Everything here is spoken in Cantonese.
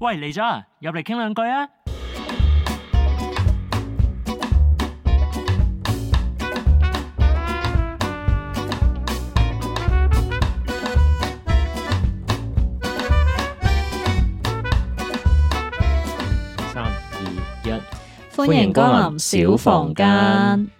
喂，嚟咗啊！入嚟傾兩句啊！三二一，歡迎光臨小房間。